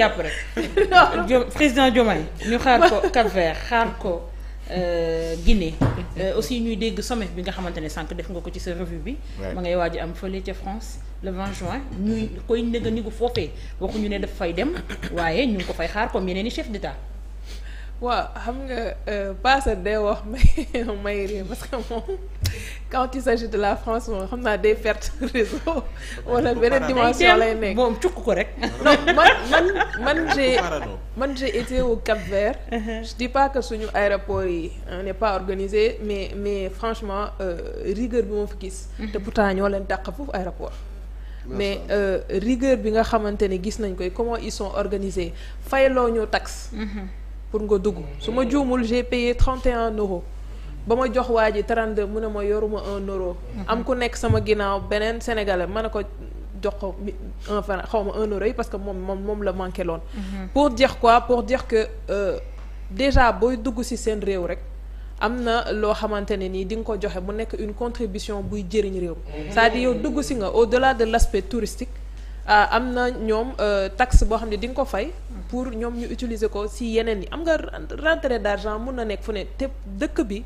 jàpp rek président Diomaye ñu xaar ko Cap-Vert xaar ko euh, Guinée euh, aussi ñuy dégg sommet bi nga xamante ne sànq def nga ko ci sa revue bi ma ngay waaj am fële ca France le 20 juin ñuy koy nëga nigu foofee waxuñu ne daf fay dem waaye ñu ngi ko fay xaar comme yeneen i chef d'État waaw xam nga euh, paasa day wax may may ree parce moom quand il de la France moom xam naa day perte réseau wala beneen dimension lay nekk moom cukk ko rek non man man man j'ai man j'ai été au Cap Vert uh-huh. je dis suñu aéroport yi on euh, pas organisé mais mais franchement euh, rigueur bi moo fi gis uh-huh. te pourtant ñoo leen dàq foofu aéroport mais euh, rigueur bi nga xamante ne gis nañ koy comment ils sont organisés fayloo ñu taxe uh-huh. pour nga dugg su ma juumul j'ai payé 31 euros ba ma jox waa ji 32 mu ne ma yoruma un euro. Mhm. am ku nekk sama ginnaaw beneen sénégalais ma ne ko jox ko un franc xaw ma un euro yi parce que moom moom moom la manqué loon. Mhm. pour dire quoi pour dire que euh, déjà booy dugg ci seen réew rek. am na loo xamante ne nii di nga ko joxe mu nekk une contribution buy jëriñ réew mhm. cest à yow dugg si nga au-delà de l'aspect touristique euh, am na ñoom euh, taxe boo xam ne di nga ko fay pour ñoom ñu utiliser ko si yeneen yi am nga rentrée d'argent mun na nekk fu ne te dëkk bi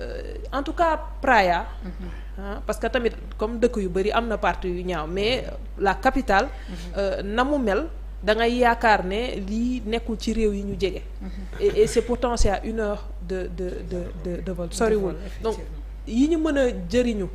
Euh, en tout cas Praia parce que tamit comme dëkk yu bëri am na parti yu ñaaw mais la capitale euh, na mu mel da ngay yaakaar ne lii nekkul ci réew yi ñu jege et c'est pourtant une heure de de de de de vol soriwul donc yi ñu mën a jëriñu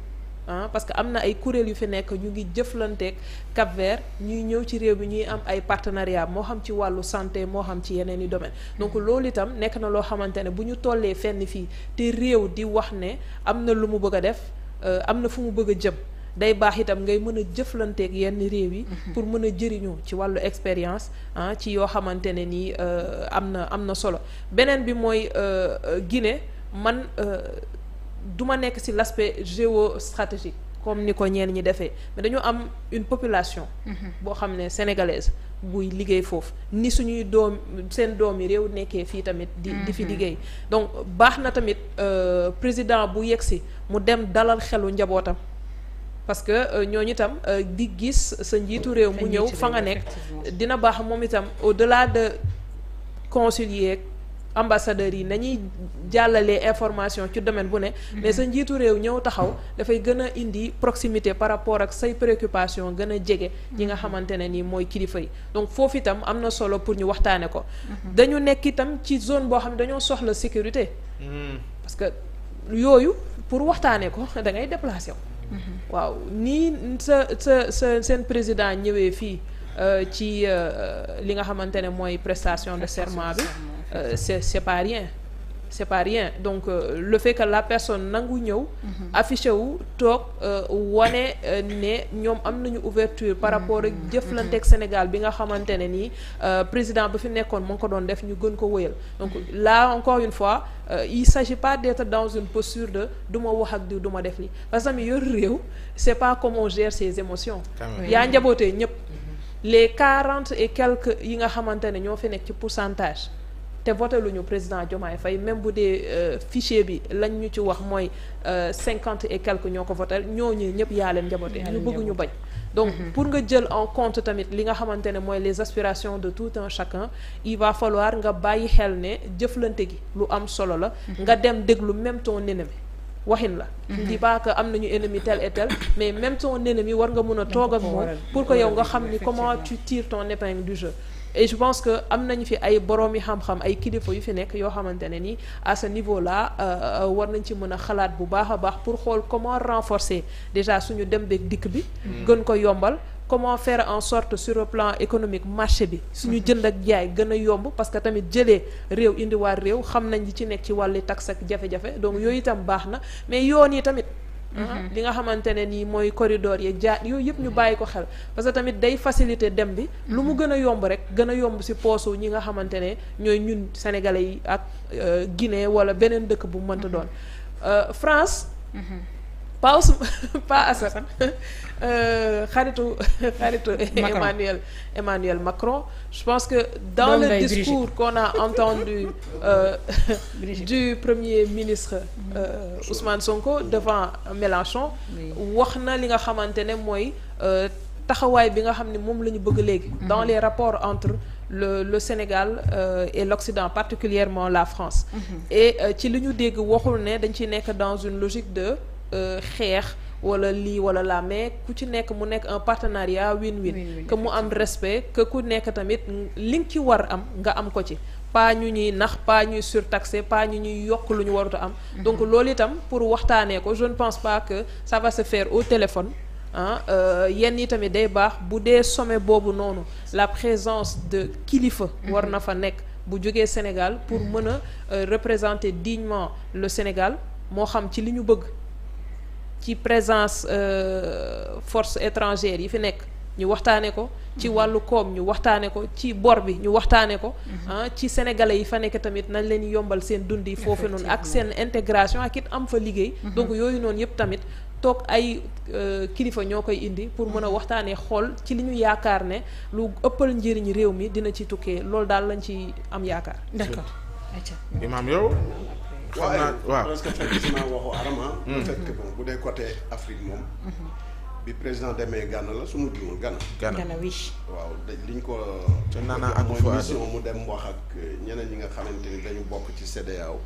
ah parce que am na ay kuréel yu fi nekk ñu ngi jëflanteeg Cap Vert ñuy ñëw ci réew bi ñuy am ay partenariat moo xam ci wàllu santé moo xam ci yeneen i domaine mm. donc loolu itam nekk na loo xamante ne bu ñu tollee fenn fii te réew di wax ne am na lu mu bëgg a def euh, am na fu mu bëgg a jëm day baax itam ngay mën a jëflanteeg yenn réew yi. Mm-hmm. pour mën a jëriñoo ci wàllu expérience ah, ci yoo xamante ne nii euh, am na am na solo beneen bi mooy euh, Guinée man. du ma nekk ci l'aspect géostratégique comme ni ko ñeen ñi defee mais dañu am une population mhm. boo xam ne sénégalaise buy liggéey foofu ni suñuy doom seen doom yi réew nekkee fii tamit di di fi mhm. liggéey donc baax na tamit euh, président bu yegsi mu dem dalal xelu njabootam parce que euh, ñooñu itam euh, di gis sa njiitu réew mu ñëw fa nga nekk dina baax moom itam au-delà de conseiller ambassadeurs yi nañuy jàllalee information ci domaine bu ne mhm. mais sa njiitu réew ñëw taxaw dafay gën a indi proximité par rapport ak say préoccupation gën a jege ñi nga mhm. xamante ne nii mooy kilifa yi donc foofu itam am na solo pour ñu waxtaane ko mhm. dañu nekk itam ci zone boo xam ne dañoo soxla sécurité parce que yooyu pour waxtaane ko da ngay déplacé wu waaw nii sa sa sa seen président ñëwee fii Euh, ci euh, euh, li nga xamante ne mooy prestation de serment bi c'est c'est pas rien c'est pas rien donc le fait la personne nangu ñëw mhm. affiché wu toog wane ne ñoom am nañu ouverture par rapport ak jëf mhm. mhm. jëflanteeg Sénégal bi nga xamante ne nii président ba fi nekkoon mu ngi ko doon def ñu gën ko wëyal donc la encore une fois il s'agit pas d'être dans une posture de du ma wax ak diw du ma def li parce que tamit yor réew c'est pas comment on gère ses émotions yaa njabootee ñëpp les quarante et quelques yi nga xamante ne ñoo fi nekk ci pourcentage te voté lu ñu président Diomaye fay même bu dee euh, fichier bi lañ ñu ci wax mooy euh, cinquante et quelques ñoo ko voté ñooñu ñëpp yaa leen njaboote ñu bëgg ñu bañ donc mhm. pour nga jël en compte tamit li nga xamante ne mooy les aspirations de tout un chacun iva va falloir nga bàyyi xel ne jëflante gi lu am solo la mhm. nga dem déglu même ton ennemi waxin la mhm. di dis pas que am nañu ennemi tel et tel mais même ton ennemi war nga mën a toog ak moom pour que yow nga xam ni comment tu tires ton épingle du jeu et je pense que am nañu fi ay boromi xam-xam ay kilifa yu fi nekk yoo xamante ne ni à ce niveau là euh, euh, war nañ ci mën a xalaat bu baax a baax pour xool comment renforcer déjà suñu dem beeg dikk bi mhm. gën ko yombal comment faire en sorte sur plan économique marché bi suñu jënd ak jaay gën a yomb parce que tamit jëlee réew indiwaat réew xam nañ li ci nekk ci wàllu tax ak jafe-jafe donc yooyu itam baax na mais yoon yi tamit mhm. li nga xamante ne nii mooy corridor yeeg jaar yooyu yëpp ñu bàyyi ko xel parce que tamit day faciliter dem bi lu mu gën a yomb rek gën a yomb si poosu ñi nga xamante ne ñooy ñun sénégalais yi ak euh, Guinée wala beneen dëkk bu mënta doon mhm. euh, France mhm. Pa Ousma Pa Assane euh, xaritu xaritu Emmanuel Emmanuel Macron je pense que dans le discours qu'on a entendu euh, du premier ministre euh, Ousmane Sonko devant Mélenchon wax na li nga xamante ne mooy euh, taxawaay bi nga xam ne moom la ñu bëgg léegi mhm. dans les rapports entre le le Sénégal euh, et l'Occident particulièrement la France mhm. et euh, ci li ñu dégg waxul ne dañ ciy nekk dans une logique de Euh, xeex wala lii wala la mais ku ci nekk mu nekk un partenariat win-win que mu am respect ku nekk tamit li nga ci war am nga am ko ci pas ñu ñuy nax pas ñuy surtaxé pas ñu ñuy yokk lu ñu warut am mhm. donc loolu itam pour waxtaanee ko je ne pense pas que ça va se faire au téléphone ah yenn yi tamit day baax bu dee sommet boobu noonu la présence de kilifa mhm. war na fa nekk bu jógee Sénégal pour mën a euh, représenter dignement le Sénégal moo xam ci li ñu bëgg ci présence euh, force étrangère yi fi nekk ñu waxtaane ko ci mhm. wàllu koom ñu waxtaane ko ci bor bi ñu waxtaane ko mhm. ah, ci sénégalais yi fa nekk tamit nañ leen yombal seen dund yi foofu noonu ak seen intégration ak it am fa liggéey mhm. donc yooyu noonu yëpp tamit toog ay euh, kilifa ñoo koy indi pour mën a waxtaanee xool ci li ñu yaakaar ne lu ëppal njëriñ réew mi dina ci tukkee loolu daal lañ ci am yaakaar xam naa waaw presque fekk si naa waxu aram fekk peut bu dee côté Afrique moom. Hmm. bi président demee gànn la suma ma juumul Ghana. Ghana oui. waaw li ñu ko. te naanaa ak mooy mission mu dem wax ak ñeneen ñi nga xamante ni dañu bokk ci CEDEAO.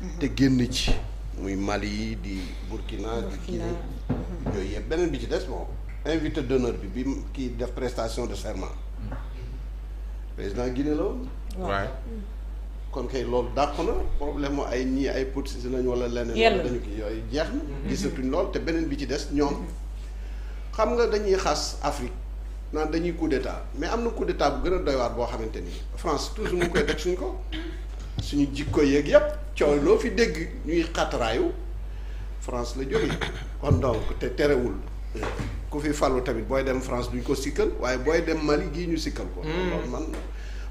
Hmm. te génn ci. muy Mali di Burkina di Guinée. Hmm. yooyu yëpp beneen bi ci des bon invité d'honneur bi bi kii def prestation de serment. président Guinée la waaw kon kay loolu dàq na problème mu ay ñii ay politicien lañ wala leneen. yàlla dañu ko yooyu jeex na. Mhm. gisatuñ lool te beneen bi ci des ñoom. xam nga dañuy xas Afrique naa dañuy coup d' mais am na coup d' bu gën a doy waar boo xamante ni France toujours mu koy teg suñ ko suñu ko yéeg yëpp coow loo fi dégg ñuy xataraayu France la jógee kon donc te terewul. ku fi falu tamit booy dem France duñ ko sikkal waaye booy dem Mali gii ñu sikkal ko. Mhm. loolu man.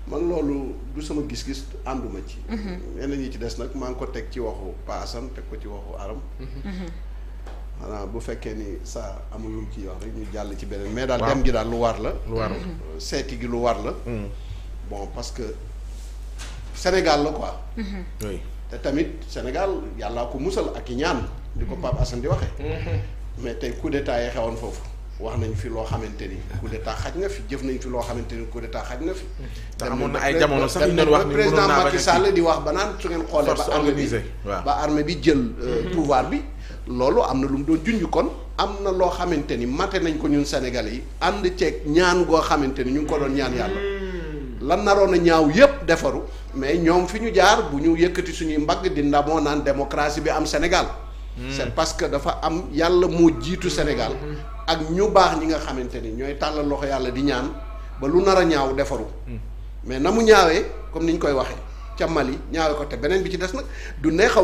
man loolu du sama gis-gis ànduma ci. Mhm. ñenn ñi ci des nag maa ngi ko teg ci waxu paasam teg ko ci waxu aram. maanaam mhm. bu fekkee ni sa amul lu mu ciy wax rek ñu jàll ci beneen. mais daal dem gi daal lu war la. lu war la mhm. euh, seeti gi lu war la. Mm. bon parce que Sénégal la quoi. oui te tamit Sénégal yàllaa ko musal ak i ñaan. di ko mm. Pape Assane di waxee. mais tey coup d'état yi xewoon foofu. wax nañ fi loo xamante ni coup d'état xaj na fi jëf nañ fi loo xamante ni coup d'état xaj na fi. te amoon na ay jamono sax ñu doon wax ni président Macky Sall di wax ba naan su ngeen xoolee. ba armée bi ba armée bi jël euh, mm-hmm. pouvoir bi. loolu am na lu mu doon junj am na loo xamante ni mate nañ ko ñun Sénégalais yi ànd ceeg ñaan goo xamante ni ñu ngi ko doon ñaan yàlla. Mm-hmm. lan naroon a ñaaw yépp defaru mais ñoom fi ñu jaar bu ñu yëkkati suñuy mbagg di ndamoo naan démocratie bi am Sénégal. Mm-hmm. c'est parce que dafa am yàlla moo jiitu Sénégal. ak ñu baax ñi nga xamante ni ñooy tàllal loxo yàlla di ñaan ba lu nar a ñaaw defaru hmm. mais na mu ñaawee comme ni ñu koy waxee ca Mali ñaawee ko te beneen bi ci des nag du neexaw